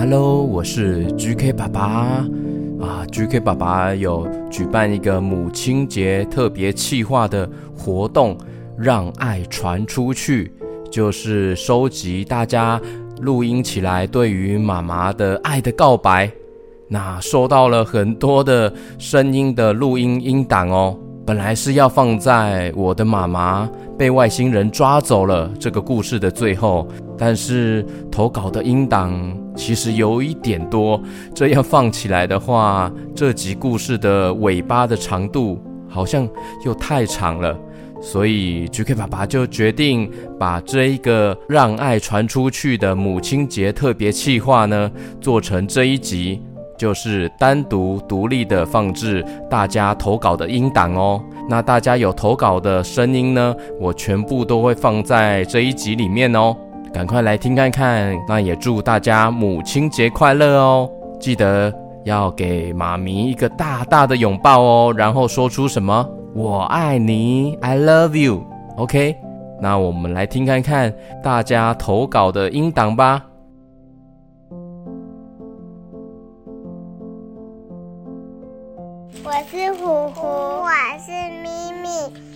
Hello，我是 GK 爸爸啊！Uh,GK 爸爸有舉辦一個母親節特別企劃的活動，讓愛傳出去，就是收集大家錄音起來對於媽媽的愛的告白。那收到了很多的聲音的錄音音檔哦。本來是要放在我的媽媽被外星人抓走了這個故事的最後，但是投稿的音檔其實有一點多，這樣放起來的話，這集故事的尾巴的長度好像又太長了，所以 GK 爸爸就決定把這一個讓愛傳出去的母親節特別企劃呢，做成這一集。就是單獨獨立的放置大家投稿的音檔哦。那大家有投稿的聲音呢，我全部都會放在這一集裡面哦。趕快來聽看看，那也祝大家母親節快樂哦！記得要給媽咪一個大大的擁抱哦，然後說出什麼“我愛你 ”，I love you，OK？、Okay？那我們來聽看看大家投稿的音檔吧。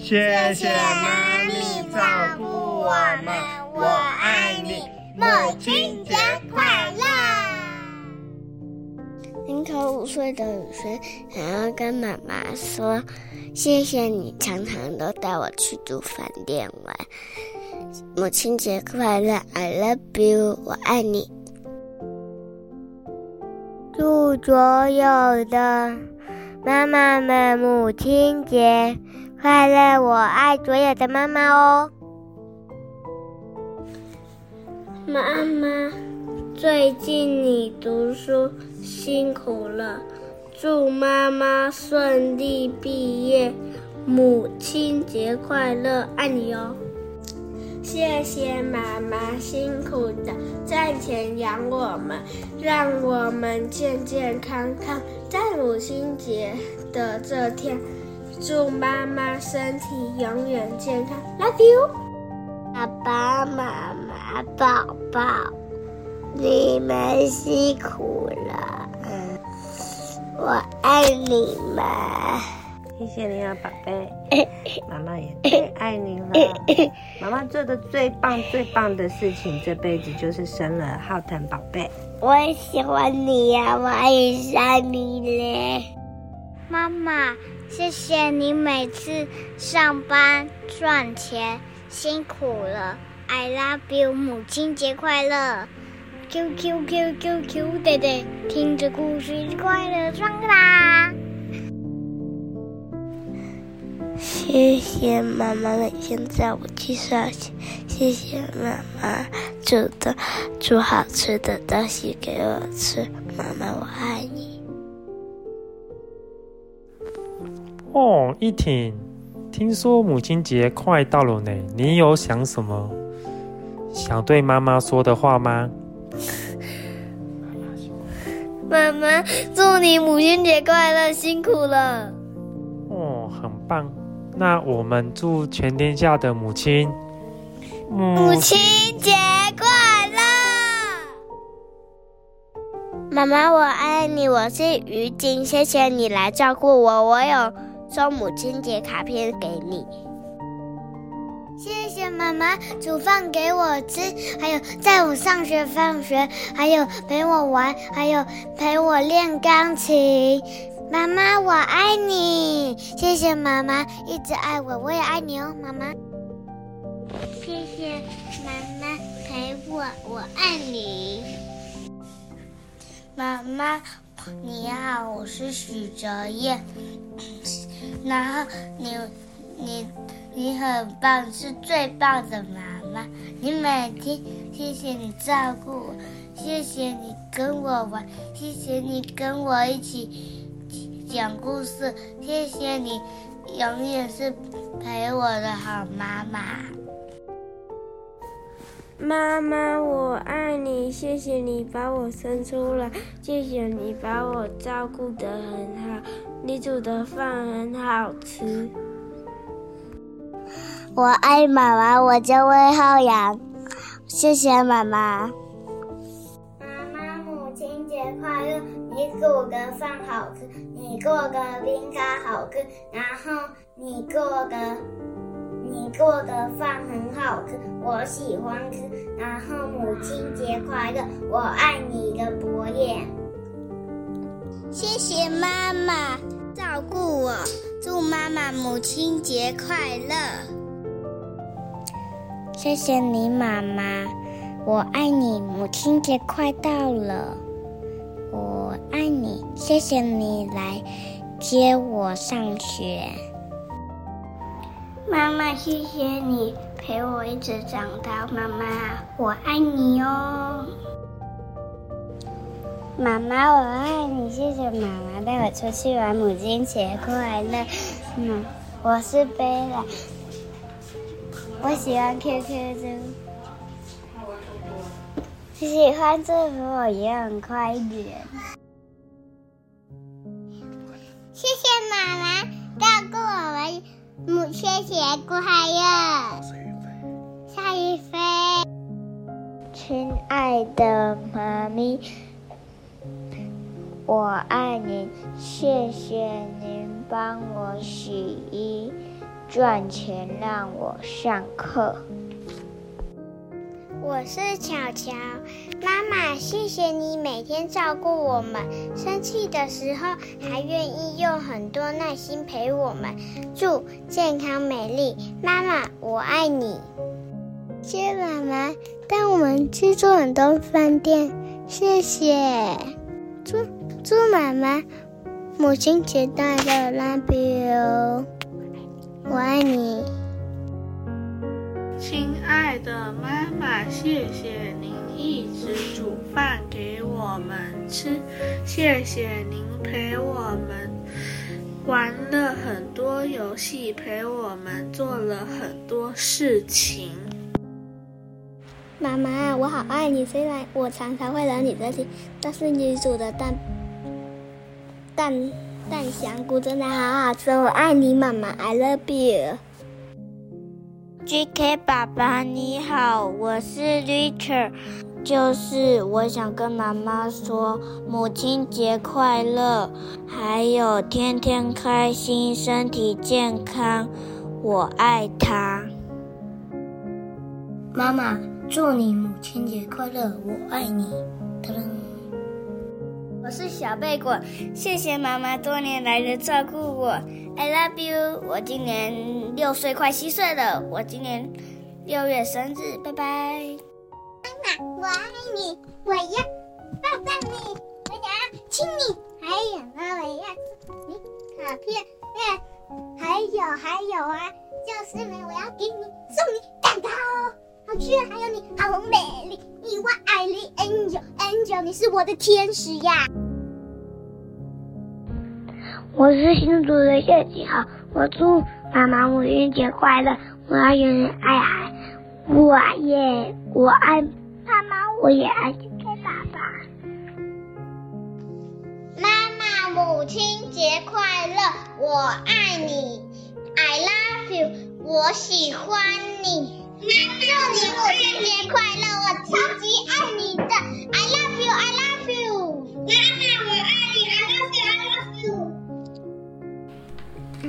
謝謝媽咪照顧我們，我愛你，母親節快樂！零到五歲的雨萱想要跟媽媽說：“謝謝你常常都帶我去住飯店玩，母親節快樂，I love you，我愛你。左右”祝所有的媽媽們母親節！快樂，我愛所有的媽媽哦。媽媽，最近你讀書辛苦了，祝媽媽順利畢業，母親節快樂，愛你哦。謝謝媽媽辛苦的賺錢養我們，讓我們健健康康，在母親節的這天。祝媽媽身體永遠健康，Love you！爸爸媽媽，寶寶，你們辛苦了，嗯，我愛你們，謝謝你啊，寶貝，媽媽也太愛你了，媽媽做的最棒最棒的事情，這輩子就是生了浩騰寶貝，我喜歡你呀、啊，我也想你嘞。媽媽，謝謝你每次上班賺錢，辛苦了！I love you，母親節快樂！Q Q Q Q Q，弟弟聽着故事快樂，唱啦謝謝媽媽！謝謝媽媽的，現在我去上學，謝謝媽媽煮的煮好吃的東西給我吃，媽媽我愛你。哦，一婷，聽說母親節快到了呢，你有想什麼想對媽媽說的話嗎？媽媽，祝你母親節快樂，辛苦了。哦，很棒。那我們祝全天下的母親母，母親節快樂。媽媽，我愛你。我是於晶，謝謝你來照顧我。我有。送母親節卡片給你，謝謝媽媽煮飯給我吃，還有在我上學放學，還有陪我玩，還有陪我練鋼琴。媽媽，我愛你，謝謝媽媽一直愛我，我也愛你哦，媽媽。謝謝媽媽陪我，我愛你。媽媽，你好，我是許哲燁。 然後你，你，你很棒，是最棒的媽媽。你每天謝謝你照顧我，謝謝你跟我玩，謝謝你跟我一起講故事，謝謝你永遠是陪我的好媽媽。媽媽，我愛你，謝謝你把我生出來，謝謝你把我照顧得很好。你煮的飯很好吃，我愛媽媽，我叫魏浩洋，謝謝媽媽。媽媽，母親節快樂！你煮的飯好吃，你做的餅乾好吃，然後你做的你做的飯，飯很好吃，我喜歡吃。然後母親節快樂，我愛你的。我祝媽媽母親節快樂，謝謝你媽媽，我愛你。母親節快到了，我愛你，謝謝你來接我上學，媽媽，謝謝你陪我一直長大，媽媽，我愛你哦。媽媽，我愛你，謝謝媽媽帶我出去玩，母親節快樂！嗯，我是貝拉，我喜歡 QQ 中。喜歡祝福我也很快樂。謝謝媽媽照顧我們，母親節快樂，夏一飛，親愛的媽咪。我愛您，謝謝您幫我洗衣，賺錢讓我上課。我是巧巧媽媽，謝謝你每天照顧我們，生氣的時候還願意用很多耐心陪我們。祝健康美麗，媽媽我愛你。謝謝媽媽帶我們去做很多飯店，謝謝。祝。祝媽媽，母親節快樂，love you。我愛你。親愛的媽媽，謝謝您一直煮飯給我們吃，謝謝您陪我們玩了很多遊戲，陪我們做了很多事情。媽媽，我好愛你。雖然我常常會惹你這裡，但是你煮的蛋。蛋蛋香菇真的好好吃，我愛你，媽媽，I love you。GK 爸爸，你好，我是 Richard，就是我想跟媽媽說母親節快樂，還有天天開心，身體健康，我愛她。媽媽，祝你母親節快樂，我愛你。我是小貝果，謝謝媽媽多年來的照顧我，I love you。我今年六歲，快七歲了。我今年六月生日，拜拜。媽媽，我愛你，我要抱抱你，我想要親你，還有啊，我要送你卡片，還有還有啊，就是呢，我要給你送你。我居然還有你，好美麗，你我愛你 angel angel，你是我的天使呀。我是新竹的謝錦豪，我祝媽媽母親節快樂，我要永遠愛愛，我耶，我愛媽媽，我也愛 GK 爸爸。媽媽母親節快樂，我愛你，I love you。我喜歡你，祝你母親節快樂！我超級愛你的，I love you, I love you。媽媽，我愛你，I love you,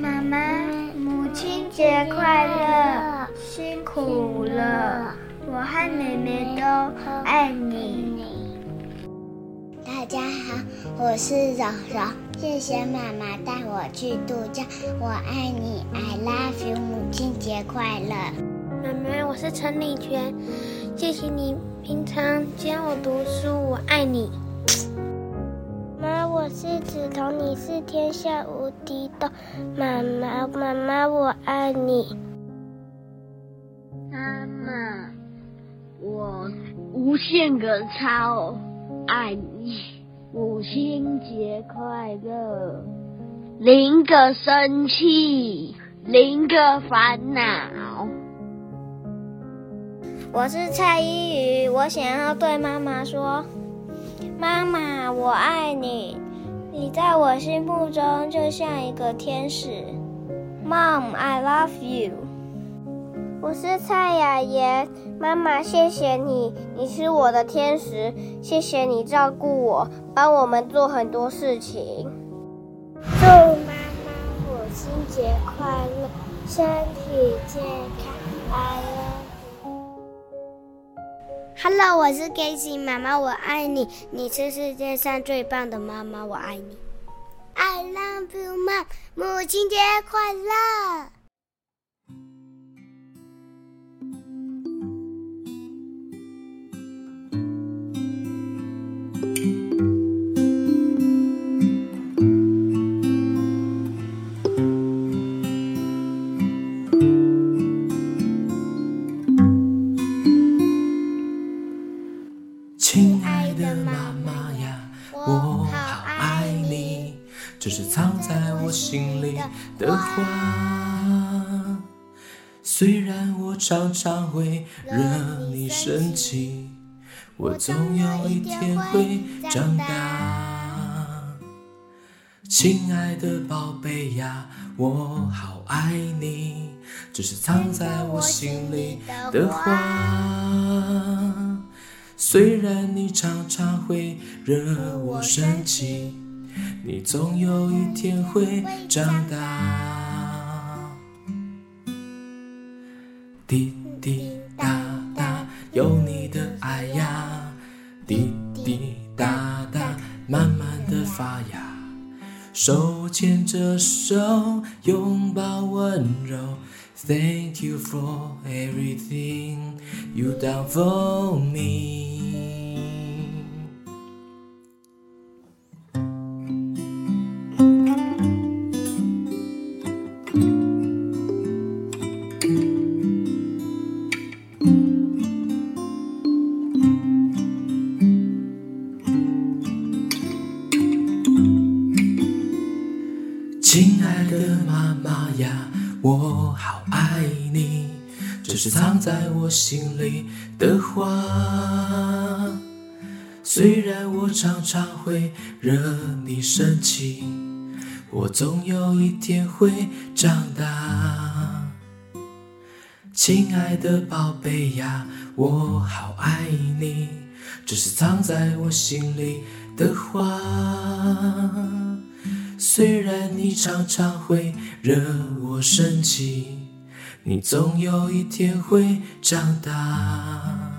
I love you 媽媽。妹妹媽，媽媽，母親節快樂，辛苦了，苦了我和妹妹都愛你。大家好，我是柔柔，謝謝媽媽帶我去度假，我愛你，I love you，母親節快樂。媽媽，我是陳麗娟，謝謝你平常教我讀書，我愛你。媽，我是子彤，你是天下無敵的媽媽，媽媽我愛你。媽媽，我無限個超愛你。母親節快樂！零個生氣，零個煩惱。我是蔡依雨，我想要對媽媽說：媽媽，我愛你。你在我心目中就像一個天使。Mom, I love you. 我是蔡雅妍，媽媽，謝謝你，你是我的天使，謝謝你照顧我，幫我們做很多事情。祝媽媽母親節快樂，身體健康，安樂。Hello，我是 Gacy，媽媽，我愛你，你是世界上最棒的媽媽，我愛你。I love you, mom, 母親節快樂。的話，雖然我常常會惹你生氣，我總有一天會長大。親愛的寶貝呀，我好愛你，只是藏在我心裡的話。雖然你常常會惹我生氣，你總有一天會長大，滴滴答答，有你的愛呀，滴滴答答，慢慢地發芽，手牽着手，擁抱溫柔，Thank you for everything you done for me。是藏在我心裡的話。雖然我常常會惹你生氣，我總有一天會長大。親愛的寶貝呀，我好愛你。只是藏在我心裡的話。雖然你常常會惹我生氣。你總有一天會長大。